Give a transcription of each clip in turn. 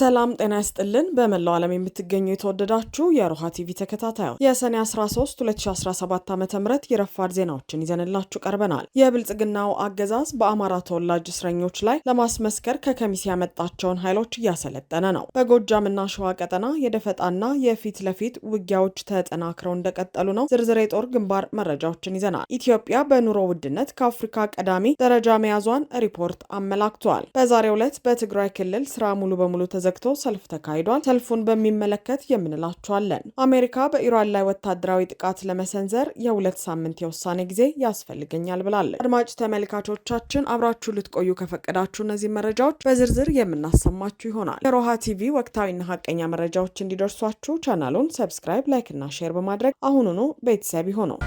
ሰላም ጤና ይስጥልን። በመላው ዓለም የምትገኙ የተወደዳችሁ የሮሃ ቲቪ ተከታታዮች የሰኔ 13 2017 ዓ ም የረፋድ ዜናዎችን ይዘንላችሁ ቀርበናል። የብልጽግናው አገዛዝ በአማራ ተወላጅ እስረኞች ላይ ለማስመስከር ከከሚስ ያመጣቸውን ኃይሎች እያሰለጠነ ነው። በጎጃምና ሸዋ ቀጠና የደፈጣና የፊት ለፊት ውጊያዎች ተጠናክረው እንደቀጠሉ ነው። ዝርዝር የጦር ግንባር መረጃዎችን ይዘናል። ኢትዮጵያ በኑሮ ውድነት ከአፍሪካ ቀዳሚ ደረጃ መያዟን ሪፖርት አመላክቷል። በዛሬው ዕለት በትግራይ ክልል ስራ ሙሉ በሙሉ ተዘ ተዘግቶ ሰልፍ ተካሂዷል። ሰልፉን በሚመለከት የምንላችኋለን። አሜሪካ በኢራን ላይ ወታደራዊ ጥቃት ለመሰንዘር የሁለት ሳምንት የውሳኔ ጊዜ ያስፈልገኛል ብላለች። አድማጭ ተመልካቾቻችን አብራችሁ ልትቆዩ ከፈቀዳችሁ እነዚህ መረጃዎች በዝርዝር የምናሰማችሁ ይሆናል። የሮሃ ቲቪ ወቅታዊና ሀቀኛ መረጃዎች እንዲደርሷችሁ ቻናሉን ሰብስክራይብ፣ ላይክ እና ሼር በማድረግ አሁኑኑ ቤተሰብ ይሆነው።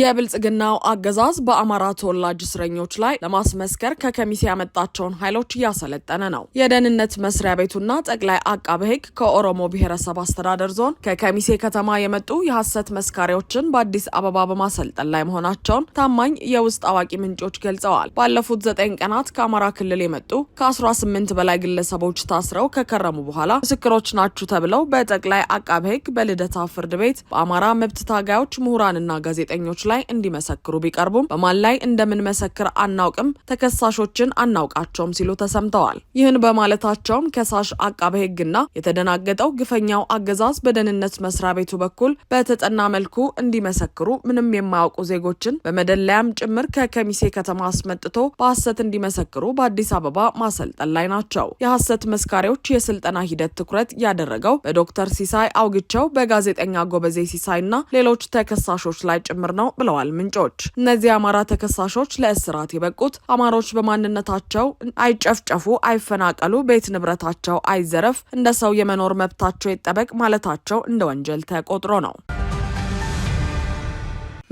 የብልጽግናው አገዛዝ በአማራ ተወላጅ እስረኞች ላይ ለማስመስከር ከከሚሴ ያመጣቸውን ኃይሎች እያሰለጠነ ነው። የደህንነት መስሪያ ቤቱና ጠቅላይ አቃቤ ሕግ ከኦሮሞ ብሔረሰብ አስተዳደር ዞን ከከሚሴ ከተማ የመጡ የሐሰት መስካሪዎችን በአዲስ አበባ በማሰልጠን ላይ መሆናቸውን ታማኝ የውስጥ አዋቂ ምንጮች ገልጸዋል። ባለፉት ዘጠኝ ቀናት ከአማራ ክልል የመጡ ከ18 በላይ ግለሰቦች ታስረው ከከረሙ በኋላ ምስክሮች ናችሁ ተብለው በጠቅላይ አቃቤ ሕግ በልደታ ፍርድ ቤት በአማራ መብት ታጋዮች ምሁራንና ጋዜጠኞች ላይ እንዲመሰክሩ ቢቀርቡም በማን ላይ እንደምንመሰክር አናውቅም፣ ተከሳሾችን አናውቃቸውም ሲሉ ተሰምተዋል። ይህን በማለታቸውም ከሳሽ አቃቤ ሕግና የተደናገጠው ግፈኛው አገዛዝ በደህንነት መስሪያ ቤቱ በኩል በተጠና መልኩ እንዲመሰክሩ ምንም የማያውቁ ዜጎችን በመደለያም ጭምር ከከሚሴ ከተማ አስመጥቶ በሐሰት እንዲመሰክሩ በአዲስ አበባ ማሰልጠን ላይ ናቸው። የሐሰት መስካሪዎች የስልጠና ሂደት ትኩረት ያደረገው በዶክተር ሲሳይ አውግቸው በጋዜጠኛ ጎበዜ ሲሳይና ሌሎች ተከሳሾች ላይ ጭምር ነው ብለዋል ምንጮች። እነዚህ የአማራ ተከሳሾች ለእስራት የበቁት አማሮች በማንነታቸው አይጨፍጨፉ፣ አይፈናቀሉ፣ ቤት ንብረታቸው አይዘረፍ፣ እንደ ሰው የመኖር መብታቸው ይጠበቅ ማለታቸው እንደ ወንጀል ተቆጥሮ ነው።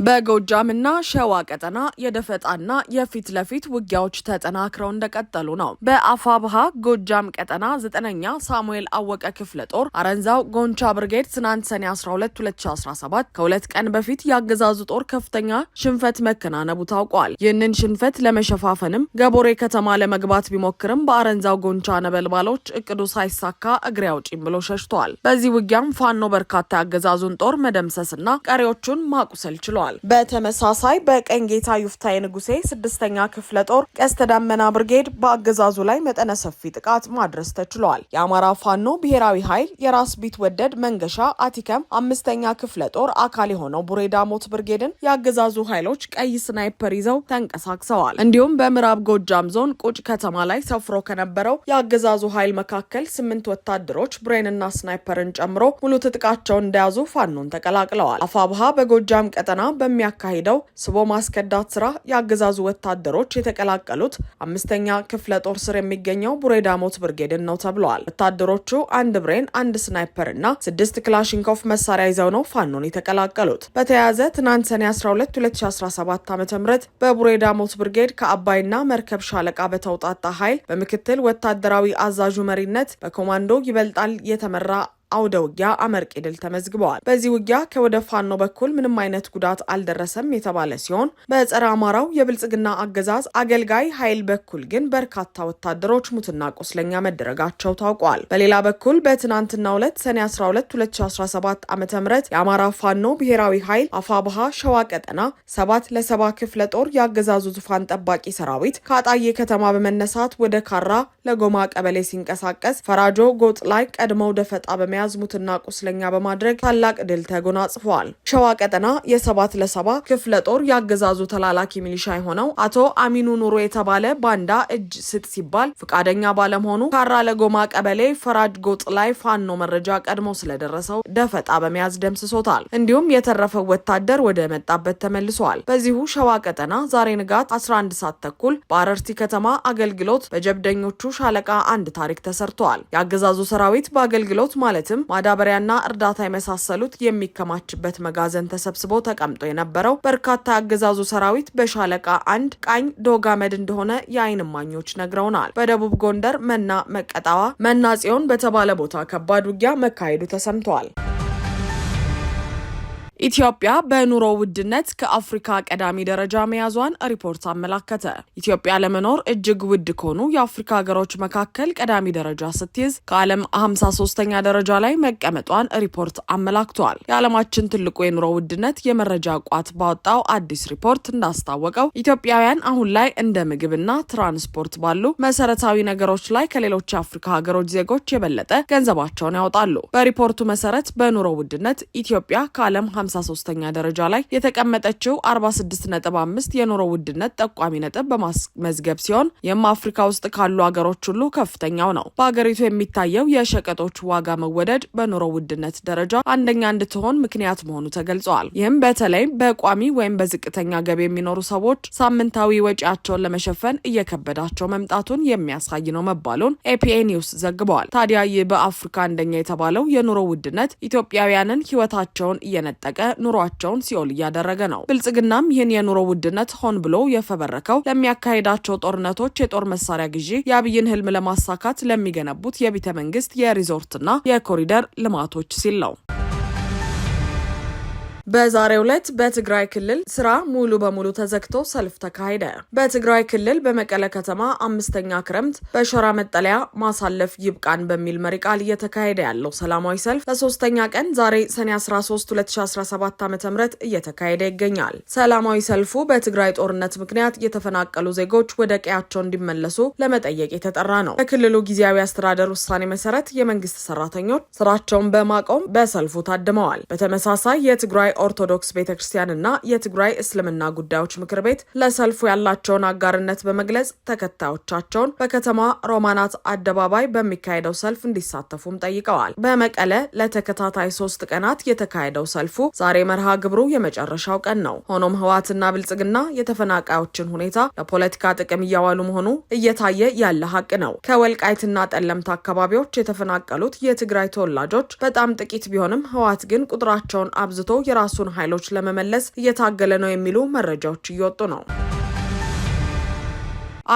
በጎጃም እና ሸዋ ቀጠና የደፈጣና የፊት ለፊት ውጊያዎች ተጠናክረው እንደቀጠሉ ነው። በአፋብሃ ጎጃም ቀጠና ዘጠነኛ ሳሙኤል አወቀ ክፍለ ጦር አረንዛው ጎንቻ ብርጌድ ትናንት ሰኔ 12 2017 ከሁለት ቀን በፊት የአገዛዙ ጦር ከፍተኛ ሽንፈት መከናነቡ ታውቋል። ይህንን ሽንፈት ለመሸፋፈንም ገቦሬ ከተማ ለመግባት ቢሞክርም በአረንዛው ጎንቻ ነበልባሎች እቅዱ ሳይሳካ እግሬ አውጪም ብሎ ሸሽተዋል። በዚህ ውጊያም ፋኖ በርካታ የአገዛዙን ጦር መደምሰስና ቀሪዎቹን ማቁሰል ችሏል። ተጠቅመዋል። በተመሳሳይ በቀኝ ጌታ ዩፍታይ ንጉሴ ስድስተኛ ክፍለ ጦር ቀስተ ደመና ብርጌድ በአገዛዙ ላይ መጠነ ሰፊ ጥቃት ማድረስ ተችሏል። የአማራ ፋኖ ብሔራዊ ኃይል የራስ ቢት ወደድ መንገሻ አቲከም አምስተኛ ክፍለ ጦር አካል የሆነው ቡሬ ዳሞት ብርጌድን የአገዛዙ ኃይሎች ቀይ ስናይፐር ይዘው ተንቀሳቅሰዋል። እንዲሁም በምዕራብ ጎጃም ዞን ቁጭ ከተማ ላይ ሰፍሮ ከነበረው የአገዛዙ ኃይል መካከል ስምንት ወታደሮች ብሬንና ስናይፐርን ጨምሮ ሙሉ ትጥቃቸውን እንደያዙ ፋኖን ተቀላቅለዋል። አፋብሃ በጎጃም ቀጠና በሚያካሂደው ስቦ ማስከዳት ስራ የአገዛዙ ወታደሮች የተቀላቀሉት አምስተኛ ክፍለ ጦር ስር የሚገኘው ቡሬዳሞት ብርጌድን ነው ተብለዋል። ወታደሮቹ አንድ ብሬን፣ አንድ ስናይፐር እና ስድስት ክላሽንኮፍ መሳሪያ ይዘው ነው ፋኖን የተቀላቀሉት። በተያያዘ ትናንት ሰኔ 12 2017 ዓ ም በቡሬዳሞት ብርጌድ ከአባይና መርከብ ሻለቃ በተውጣጣ ኃይል በምክትል ወታደራዊ አዛዡ መሪነት በኮማንዶ ይበልጣል የተመራ አውደ ውጊያ አመርቂ ድል ተመዝግበዋል። በዚህ ውጊያ ከወደ ፋኖ በኩል ምንም አይነት ጉዳት አልደረሰም የተባለ ሲሆን በጸረ አማራው የብልጽግና አገዛዝ አገልጋይ ኃይል በኩል ግን በርካታ ወታደሮች ሙትና ቁስለኛ መደረጋቸው ታውቋል። በሌላ በኩል በትናንትና ሁለት ሰኔ 12 2017 ዓ ም የአማራ ፋኖ ብሔራዊ ኃይል አፋብሃ ሸዋ ቀጠና ሰባት ለሰባ ክፍለ ጦር የአገዛዙ ዙፋን ጠባቂ ሰራዊት ከአጣዬ ከተማ በመነሳት ወደ ካራ ለጎማ ቀበሌ ሲንቀሳቀስ ፈራጆ ጎጥ ላይ ቀድመው ደፈጣ በመያዝ ያዝሙትና ቁስለኛ በማድረግ ታላቅ ድል ተጎናጽፏል። ሸዋ ቀጠና የሰባት ለሰባ ክፍለ ጦር ያገዛዙ ተላላኪ ሚሊሻ የሆነው አቶ አሚኑ ኑሮ የተባለ ባንዳ እጅ ስጥ ሲባል ፈቃደኛ ባለመሆኑ ካራ ለጎማ ቀበሌ ፈራጅ ጎጥ ላይ ፋኖ መረጃ ቀድሞ ስለደረሰው ደፈጣ በመያዝ ደምስሶታል። እንዲሁም የተረፈው ወታደር ወደ መጣበት ተመልሷል። በዚሁ ሸዋ ቀጠና ዛሬ ንጋት 11 ሰዓት ተኩል በአረርቲ ከተማ አገልግሎት በጀብደኞቹ ሻለቃ አንድ ታሪክ ተሰርተዋል። የአገዛዙ ሰራዊት በአገልግሎት ማለት ማለትም ማዳበሪያና እርዳታ የመሳሰሉት የሚከማችበት መጋዘን ተሰብስቦ ተቀምጦ የነበረው በርካታ የአገዛዙ ሰራዊት በሻለቃ አንድ ቃኝ ዶጋመድ እንደሆነ የአይን እማኞች ነግረውናል። በደቡብ ጎንደር መና መቀጣዋ መና ጽዮን በተባለ ቦታ ከባድ ውጊያ መካሄዱ ተሰምተዋል። ኢትዮጵያ በኑሮ ውድነት ከአፍሪካ ቀዳሚ ደረጃ መያዟን ሪፖርት አመላከተ። ኢትዮጵያ ለመኖር እጅግ ውድ ከሆኑ የአፍሪካ ሀገሮች መካከል ቀዳሚ ደረጃ ስትይዝ ከዓለም 53ኛ ደረጃ ላይ መቀመጧን ሪፖርት አመላክቷል። የዓለማችን ትልቁ የኑሮ ውድነት የመረጃ ቋት ባወጣው አዲስ ሪፖርት እንዳስታወቀው ኢትዮጵያውያን አሁን ላይ እንደ ምግብና ትራንስፖርት ባሉ መሰረታዊ ነገሮች ላይ ከሌሎች የአፍሪካ ሀገሮች ዜጎች የበለጠ ገንዘባቸውን ያወጣሉ። በሪፖርቱ መሰረት በኑሮ ውድነት ኢትዮጵያ ከዓለም 53ኛ ደረጃ ላይ የተቀመጠችው 46.5 የኑሮ ውድነት ጠቋሚ ነጥብ በማስመዝገብ ሲሆን ይህም አፍሪካ ውስጥ ካሉ ሀገሮች ሁሉ ከፍተኛው ነው። በሀገሪቱ የሚታየው የሸቀጦች ዋጋ መወደድ በኑሮ ውድነት ደረጃ አንደኛ እንድትሆን ምክንያት መሆኑ ተገልጸዋል። ይህም በተለይም በቋሚ ወይም በዝቅተኛ ገቢ የሚኖሩ ሰዎች ሳምንታዊ ወጪያቸውን ለመሸፈን እየከበዳቸው መምጣቱን የሚያሳይ ነው መባሉን ኤፒኤ ኒውስ ዘግበዋል። ታዲያ ይህ በአፍሪካ አንደኛ የተባለው የኑሮ ውድነት ኢትዮጵያውያንን ሕይወታቸውን እየነጠቀ ኑሯቸውን ሲኦል እያደረገ ነው። ብልጽግናም ይህን የኑሮ ውድነት ሆን ብሎ የፈበረከው ለሚያካሄዳቸው ጦርነቶች፣ የጦር መሳሪያ ግዢ፣ የአብይን ህልም ለማሳካት ለሚገነቡት የቤተ መንግስት የሪዞርትና የኮሪደር ልማቶች ሲል ነው። በዛሬው ዕለት በትግራይ ክልል ስራ ሙሉ በሙሉ ተዘግቶ ሰልፍ ተካሄደ። በትግራይ ክልል በመቀለ ከተማ አምስተኛ ክረምት በሸራ መጠለያ ማሳለፍ ይብቃን በሚል መሪ ቃል እየተካሄደ ያለው ሰላማዊ ሰልፍ ለሶስተኛ ቀን ዛሬ ሰኔ 13 2017 ዓ ም እየተካሄደ ይገኛል። ሰላማዊ ሰልፉ በትግራይ ጦርነት ምክንያት የተፈናቀሉ ዜጎች ወደ ቀያቸው እንዲመለሱ ለመጠየቅ የተጠራ ነው። በክልሉ ጊዜያዊ አስተዳደር ውሳኔ መሰረት የመንግስት ሰራተኞች ስራቸውን በማቆም በሰልፉ ታድመዋል። በተመሳሳይ የትግራይ ኦርቶዶክስ ቤተ ክርስቲያንና የትግራይ እስልምና ጉዳዮች ምክር ቤት ለሰልፉ ያላቸውን አጋርነት በመግለጽ ተከታዮቻቸውን በከተማ ሮማናት አደባባይ በሚካሄደው ሰልፍ እንዲሳተፉም ጠይቀዋል። በመቀለ ለተከታታይ ሶስት ቀናት የተካሄደው ሰልፉ ዛሬ መርሃ ግብሩ የመጨረሻው ቀን ነው። ሆኖም ህወሓትና ብልጽግና የተፈናቃዮችን ሁኔታ ለፖለቲካ ጥቅም እያዋሉ መሆኑ እየታየ ያለ ሀቅ ነው። ከወልቃይትና ጠለምት አካባቢዎች የተፈናቀሉት የትግራይ ተወላጆች በጣም ጥቂት ቢሆንም ህወሓት ግን ቁጥራቸውን አብዝቶ የራ የራሱን ኃይሎች ለመመለስ እየታገለ ነው የሚሉ መረጃዎች እየወጡ ነው።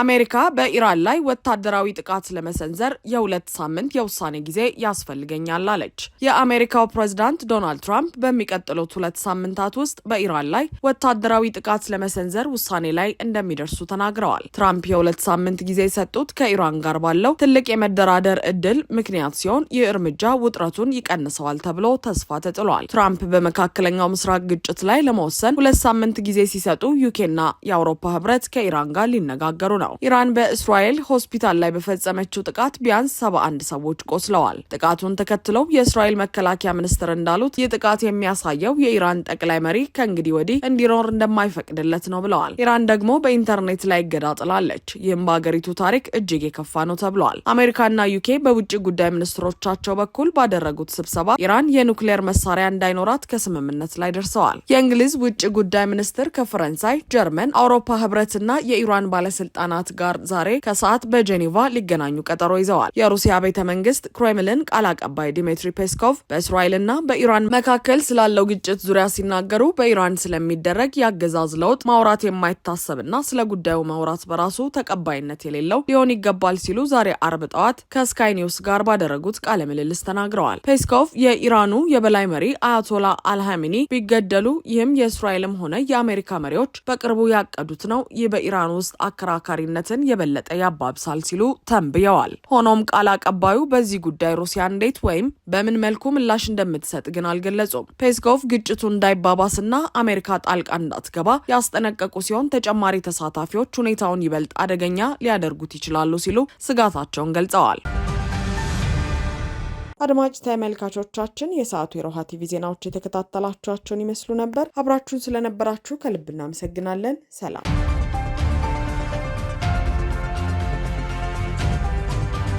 አሜሪካ በኢራን ላይ ወታደራዊ ጥቃት ለመሰንዘር የሁለት ሳምንት የውሳኔ ጊዜ ያስፈልገኛል አለች። የአሜሪካው ፕሬዚዳንት ዶናልድ ትራምፕ በሚቀጥሉት ሁለት ሳምንታት ውስጥ በኢራን ላይ ወታደራዊ ጥቃት ለመሰንዘር ውሳኔ ላይ እንደሚደርሱ ተናግረዋል። ትራምፕ የሁለት ሳምንት ጊዜ የሰጡት ከኢራን ጋር ባለው ትልቅ የመደራደር እድል ምክንያት ሲሆን ይህ እርምጃ ውጥረቱን ይቀንሰዋል ተብሎ ተስፋ ተጥሏል። ትራምፕ በመካከለኛው ምስራቅ ግጭት ላይ ለመወሰን ሁለት ሳምንት ጊዜ ሲሰጡ ዩኬና የአውሮፓ ህብረት ከኢራን ጋር ሊነጋገሩ ነው። ኢራን በእስራኤል ሆስፒታል ላይ በፈጸመችው ጥቃት ቢያንስ ሰባ አንድ ሰዎች ቆስለዋል። ጥቃቱን ተከትለው የእስራኤል መከላከያ ሚኒስትር እንዳሉት ይህ ጥቃት የሚያሳየው የኢራን ጠቅላይ መሪ ከእንግዲህ ወዲህ እንዲኖር እንደማይፈቅድለት ነው ብለዋል። ኢራን ደግሞ በኢንተርኔት ላይ እገዳ ጥላለች። ይህም በሀገሪቱ ታሪክ እጅግ የከፋ ነው ተብሏል። አሜሪካና ዩኬ በውጭ ጉዳይ ሚኒስትሮቻቸው በኩል ባደረጉት ስብሰባ ኢራን የኑክሌር መሳሪያ እንዳይኖራት ከስምምነት ላይ ደርሰዋል። የእንግሊዝ ውጭ ጉዳይ ሚኒስትር ከፈረንሳይ፣ ጀርመን፣ አውሮፓ ህብረትና የኢራን ባለስልጣናት ባለስልጣናት ጋር ዛሬ ከሰዓት በጄኔቫ ሊገናኙ ቀጠሮ ይዘዋል። የሩሲያ ቤተ መንግስት ክሬምልን ቃል አቀባይ ዲሚትሪ ፔስኮቭ በእስራኤልና በኢራን መካከል ስላለው ግጭት ዙሪያ ሲናገሩ በኢራን ስለሚደረግ የአገዛዝ ለውጥ ማውራት የማይታሰብና ስለ ጉዳዩ ማውራት በራሱ ተቀባይነት የሌለው ሊሆን ይገባል ሲሉ ዛሬ አርብ ጠዋት ከስካይ ኒውስ ጋር ባደረጉት ቃለ ምልልስ ተናግረዋል። ፔስኮቭ የኢራኑ የበላይ መሪ አያቶላ አልሃሚኒ ቢገደሉ ይህም የእስራኤልም ሆነ የአሜሪካ መሪዎች በቅርቡ ያቀዱት ነው። ይህ በኢራን ውስጥ አከራካሪ አከራካሪነትን የበለጠ ያባብሳል ሲሉ ተንብየዋል። ሆኖም ቃል አቀባዩ በዚህ ጉዳይ ሩሲያ እንዴት ወይም በምን መልኩ ምላሽ እንደምትሰጥ ግን አልገለጹም። ፔስኮቭ ግጭቱ እንዳይባባስና አሜሪካ ጣልቃ እንዳትገባ ያስጠነቀቁ ሲሆን ተጨማሪ ተሳታፊዎች ሁኔታውን ይበልጥ አደገኛ ሊያደርጉት ይችላሉ ሲሉ ስጋታቸውን ገልጸዋል። አድማጭ ተመልካቾቻችን የሰዓቱ የሮሃ ቲቪ ዜናዎች የተከታተላችኋቸውን ይመስሉ ነበር። አብራችሁን ስለነበራችሁ ከልብ እናመሰግናለን። ሰላም